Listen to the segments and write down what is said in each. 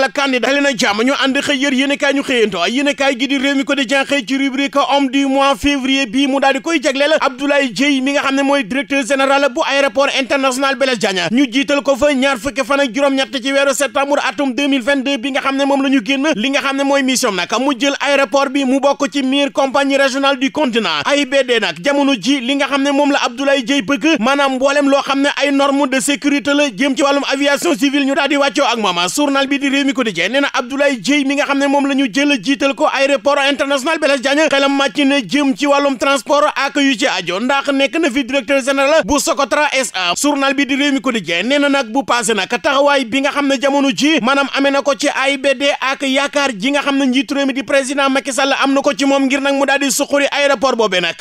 la candidat dali na jàmm ñu ànd xëy yër yéen kaay ñu xëyanto yéen kaay gi di réew mi ko di jenxëy ci rubrique homme du mois février bii mu daal di koy jagleel Abdoulaye Dieye mi nga xam ne mooy directeur général bu aéroport international Blaise Diagne ñu jiital ko fa ñaar fukki fan juróom-ñett ci weeru septembre atum bi nga xam ne moom la ñu génn li nga xam ne moom la Abdoulaye Dieye bëgg maanaam mboolem loo xam ne ay normes de sécurité la jëm ci wàllum aviation mi quotidien nee na Abdoulaye Dièye mi nga xam ne moom la ñu jël jiital ko aéroport international Blaise Diagne xelam màcc na jëm ci wàllum transport ak yu ci ajo ndax nekk na fi directeur général bu Socotra SA journal bi di réew mi quotidien nee nag bu passé nag taxawaay bi nga xam ne jamono ji maanaam amee ko ci AIBD ak yaakaar ji nga xam ne njiitu di président Macky Sall am na ko ci moom ngir mu daal di suquri aéroport boobee nag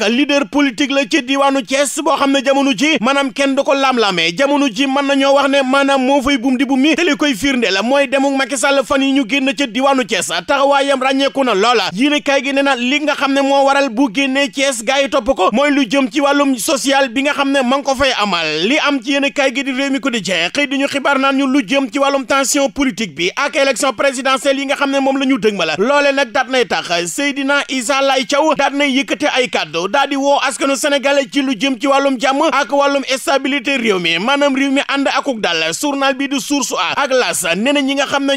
Sall fan yi ñu génn ca diwaanu Thiès taxawaayam ràññeeku na loola yéenekaay gi nee na li nga xam ne moo waral bu génnee Thiès gaa yi topp ko mooy lu jëm ci wàllum social bi nga xam ne ma ngi ko fay amal li am ci yéenekaay gi di réew mi ko di jeex xëy diñu xibaar naan ñu lu jëm ci wàllum tension politique bi ak élection présidentielle yi nga xam ne moom la ñu dëgmal loole nag daat nay tax Seydina Issa Laye Thiaw daat nay yëkkate ay kàddu daal di woo askanu sénégalais ci lu jëm ci wàllum jàmm ak wàllum stabilité réew mi maanaam réew mi ànd akuk dal journal bi du source a ak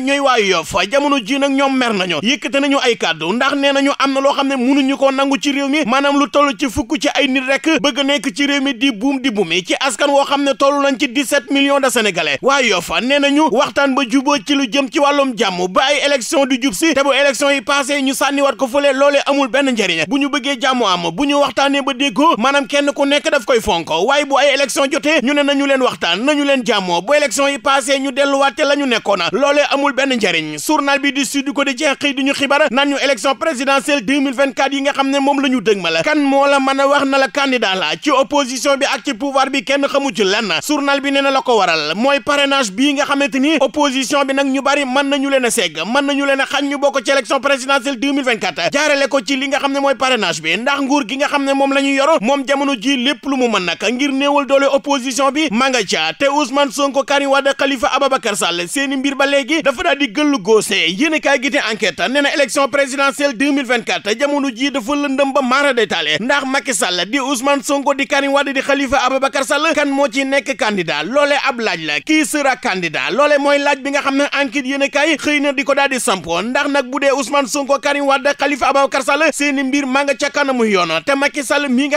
ñooy waa Yoff jamono jii na ñoom mer nañu yëkkate nañu ay kàddu ndax nee nañu am na loo xam ne mënuñu ko nangu ci réew mi maanaam lu toll ci fukk ci ay nit rek bëgg nekk ci réew mi di buum di buumi ci askan woo xam ne toll nañ ci 17 millions de sénégalais waa Yoff nee nañu waxtaan ba juboo ci lu jëm ci wàllum jàmm ba ay élection di jub si te bu élection yi passé ñu sànniwaat ko fële loolee amul benn njëriñ bu ñu bëggee jàmm am bu ñu waxtaanee ba déggoo maanaam kenn ku nekk daf koy fonk waaye bu ay jotee ñu ne nañu leen waxtaan nañu leen jàmmoo bu élection yi passé ñu delluwaat la ñu nekkoon loolee amul amul benn njariñ journal bi di Sud Quotidien xëy duñu xibaar naan ñu élection présidentielle 2024 yi nga xam ne moom la ñu dëgmal kan moo la mën a wax na la la ci opposition bi ak ci pouvoir bi kenn xamu ci lenn journal bi ne na la ko waral mooy parrainage bi nga xamante ni opposition bi nag ñu bari na ñu leen a segg mën nañu leen a xañ ñu bokk ci élection présidentielle 2024 jaarale ko ci li nga xam ne mooy parrainage moom la ñu yoro moom jamono ji lépp lu mu mën nag ngir néewal bi ma nga ca te Ousmane Sonko Karim Wade Khalifa Ababacar Sall seeni mbir ba léegi dafa daal di gëllu góose yéen kaay gi te enquête nee na élection présidentielle 2024 jamono ji dafa lëndëm ba maara detaale ndax Macky Sall di Ousmane Sonko di Karim Wade di Khalifa Ababacar Sall kan moo ci nekk candidat loolee ab laaj la kii sera candidat loolee mooy laaj bi nga xam ne enquête yéen kaay xëy na di ko daal di ndax nag bu dee Ousmane Sonko Karim Wade Khalifa Ababacar Sall seeni mbir maa nga ca kanamu yoon te Macky mii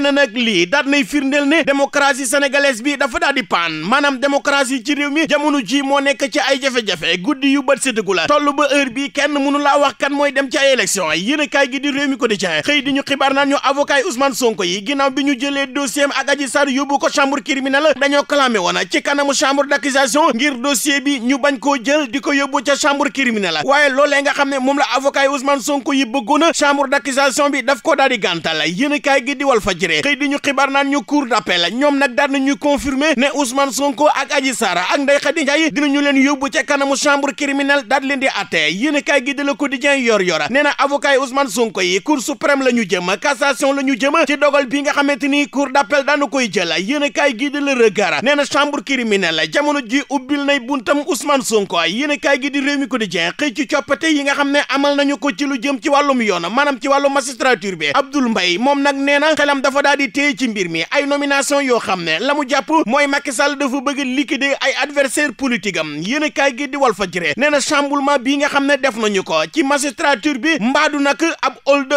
nga na nag lii daat nay firndeel ne démocratie sénégalaise bi dafa daal di paan maanaam démocratie ci réew mi jamono ji moo nekk ci ay jafe-jafe guddi yu bët séddugu la toll ba heure bi kenn mënu laa wax kan mooy dem ci ay élection yéen a kaay gi di réew mi ko di cee xëy di ñu xibaar naan ñu avocat yi Ousmane Sonko yi ginnaaw bi ñu jëlee dossier am ak Adji Sarr yóbbu ko chambre criminelle dañoo clamé woon ci kanamu chambre d'accusation ngir dossier bi ñu bañ koo jël di ko yóbbu ca chambre criminelle waaye loolee nga xam ne moom la avocat yi Ousmane Sonko yi bëggoon chambre d'accusation bi daf ko daal di gàntal yéen a kaay gi di Quotidien xëy di ñu xibaar naan ñu cour d'appel ñoom nag daan nañu confirmer ne Ousmane Sonko ak Adji Sarr ak Ndeye Khady Ndiaye dinañu leen yóbbu ca kanamu chambre criminelle daal leen di atte yéen kaay gi de Le Quotidien yor yor nee na avocat yi Sonko yi cour suprême la ñu jëm cassation la ñu jëm ci dogal bi nga xamante ni cour d'appel daanu koy jël yéen kaay gi de Le Regard nee na ji ubbil nay buntam Ousmane Sonko yéen kaay gi di Rewmi Quotidien xëy ci coppite yi nga xam ne amal nañu ko ci lu jëm ci wàllum yoon maanaam ci wàllu magistrature daal di téye ci mbir mi ay nomination yoo xam ne la mu jàpp mooy Macky Sall dafa bëgg liquider ay adversaire politique am yéen gi di Walf Fadjri nee na chamboulement bii nga xam ne def nañu ko ci magistrature bi mbaadu nag ab hold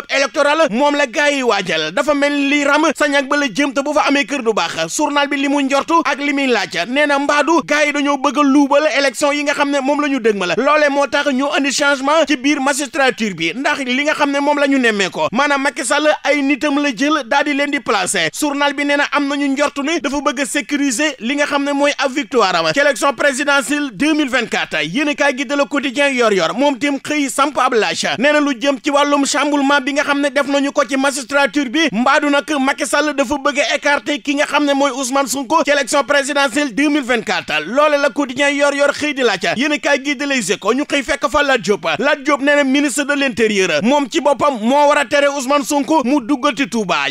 moom la gars yi waajal dafa mel li ram sañak ba la jëm te bu amee kër du baax journal bi li mu njortu ak li muy laaj nee na mbaadu gars yi dañoo bëgg a luubal élection yi nga xam ne moom la ñu dëg ma moo tax ñu andi changement ci biir magistrature bi ndax li nga xam ne moom la ñu nemmee ko maanaam Macky Sall ay nitam la jël daal di leen di déplacé journal bi nee na am nañu njortu ni dafa bëgg a li nga xam ne mooy ab victoire am ci élection présidentielle 2024 yéenekaay gi de Le Quotidien yor yor moom tim xëy samp ab laaj nee na lu jëm ci wàllum chamboulement bi nga xam ne def ñu ko ci magistrature bi mbaadu nag Macky Sall dafa bëgg a écarter ki nga xam ne mooy Ousmane Sonko ci élection présidentielle 2024 loole la Quotidien yor yor xëy di laaj yéenekaay gi de Les Échos ñu xëy fekk fa Lat Diop Lat Diop nee na moo war a tere mu duggati Touba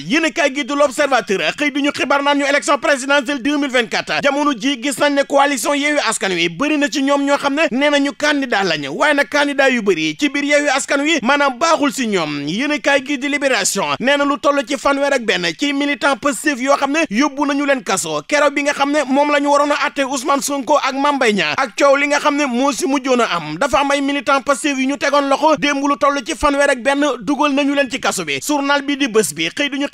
gi du l'observateur xëy du ñu xibaar naan ñu élection présidentielle 2024 jamono ji gis nañ ne coalition Yewwi Askan Wi bëri na ci ñoom ñoo xam ne nee nañu candidat lañu waaye nag candidat yu bëri ci biir Yewwi Askan Wi maanaam baaxul si ñoom yéen kaay gi di libération nee na lu toll ci fan fanweer ak benn ci militant Pastef yoo xam ne yóbbu nañu leen kaso keroog bi nga xam ne moom la ñu waroon a àtte Ousmane Sonko ak Mame Mbaye Niang ak coow li nga xam ne moo si mujjoon a am dafa am ay militant Pastef yu ñu tegoon loxo démb lu toll ci fanweer ak benn dugal nañu leen ci kaso bi journal bi di bés bi xëy duñu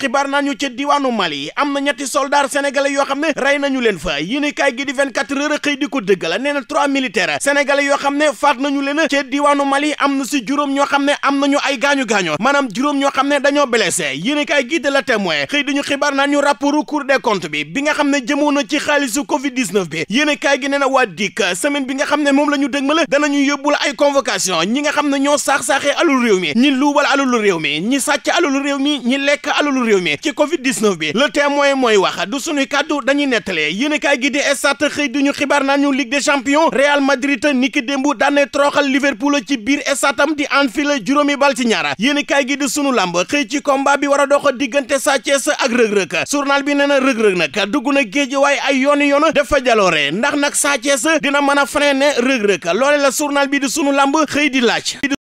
nañu ca diwaanu Mali am na ñetti soldaar sénégalais yoo xam ne rey nañu leen fa yéenekaay gi di 24 heures xëy di ko dëggal nee na trois militaires sénégalais yoo xam ne faat nañu leen ca diwaanu Mali am na si juróom ñoo xam ne am nañu ay gaañu gaañu maanaam juróom ñoo xam ne dañoo blessé yéenekaay gi de la témoin xëy ñu xibaar naa ñu rapport Cour des comptes bi bi nga xam ne jëmoon na ci xaalisu Covid 19 bi yéenekaay gi nee na waa dikk semaine bi nga xam ne moom la ñu dëgmal danañu yóbbul ay convocation ñi nga xam ne ñoo saax-saaxee alul réew mi ñi luubal alul réew mi ñi sàcc alul réew mi ñi lekk alul réew mi covid 19 bi le témoin mooy wax du suñuy kàddu dañuy nettalee yéenekaay gi di Stades xëy duñu xibaar naan ñu Ligue des champions Real Madrid niki démbu daane troxal Liverpool ci biir stade am di Anfield juróomi bal ci ñaara yéenekaay gi di sunu làmb xëy ci combat bi war a dox diggante Sa Thiès ak rëg-rëg journal bi nee na rëg na nag dugg na géej waaye ay yooni yoon dafa jaloore ndax nag Sa dina mën a freiner rëg-rëg loole la journal bi di sunu làmb xëy di laaj